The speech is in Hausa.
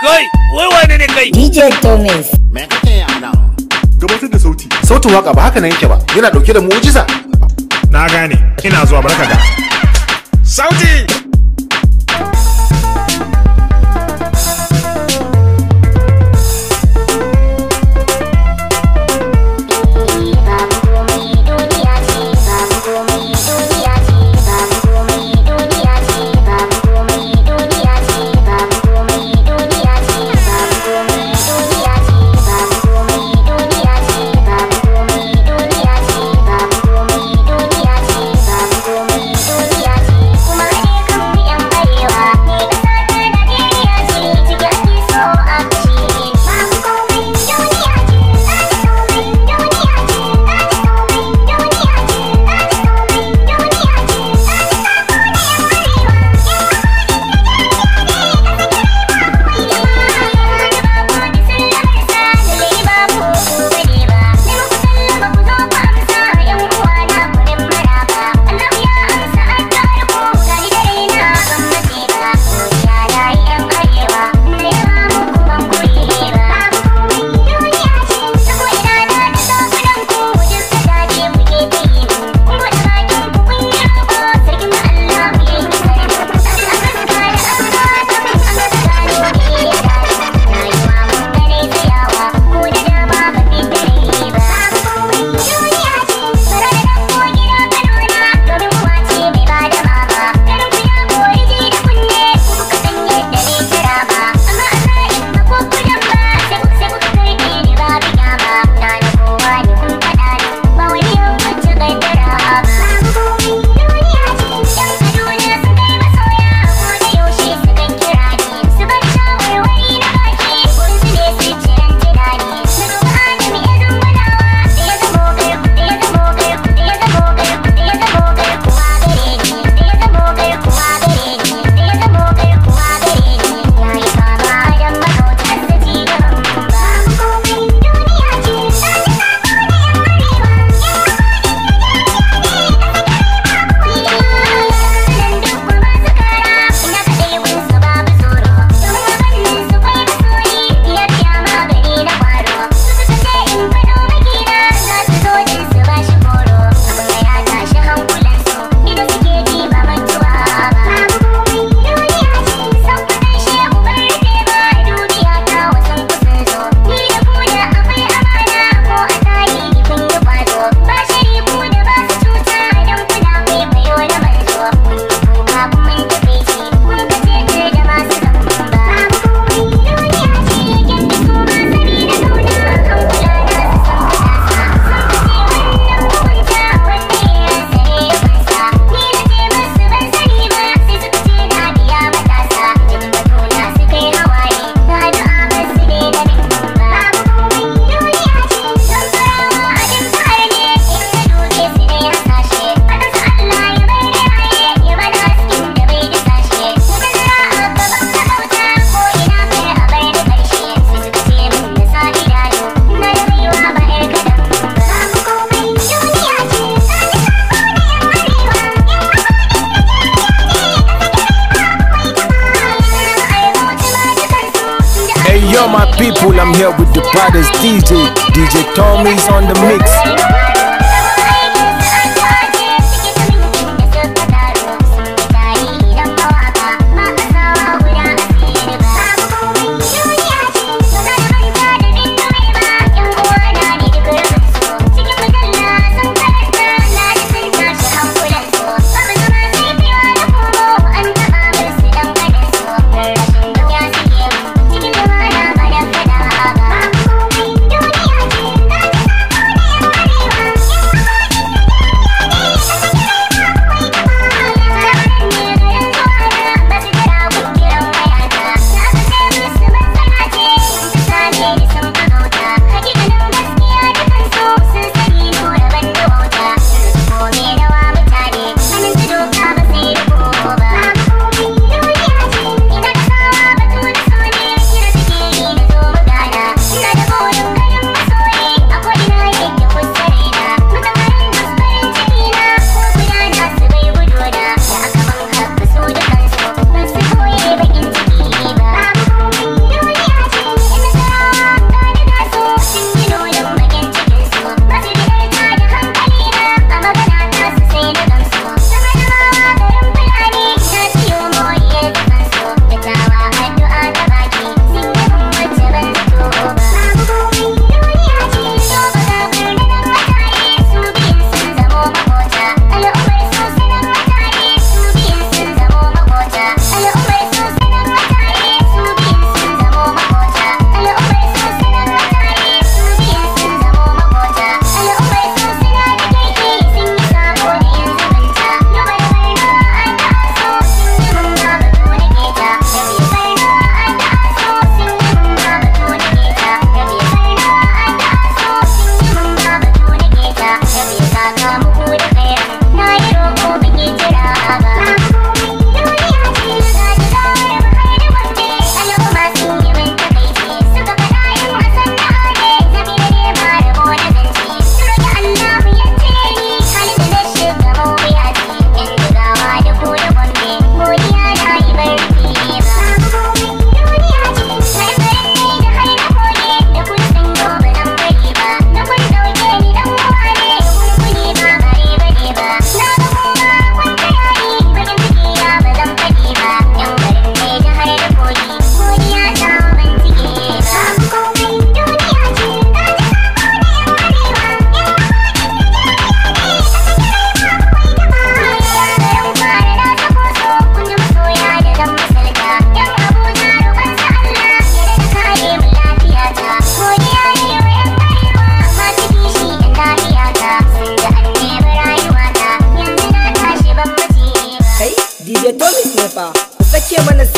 Kai, wai wane ne kai? DJ Thomas. Me kake yi nan? Gabatar da sauti. Sautin waka ba haka na yake ba. Yana dauke da mu'jiza. Na gane. Ina zuwa barka ga. Sauti! Yo, my people, I'm here with the brothers DJ. DJ Tommy's on the mix. I'm in the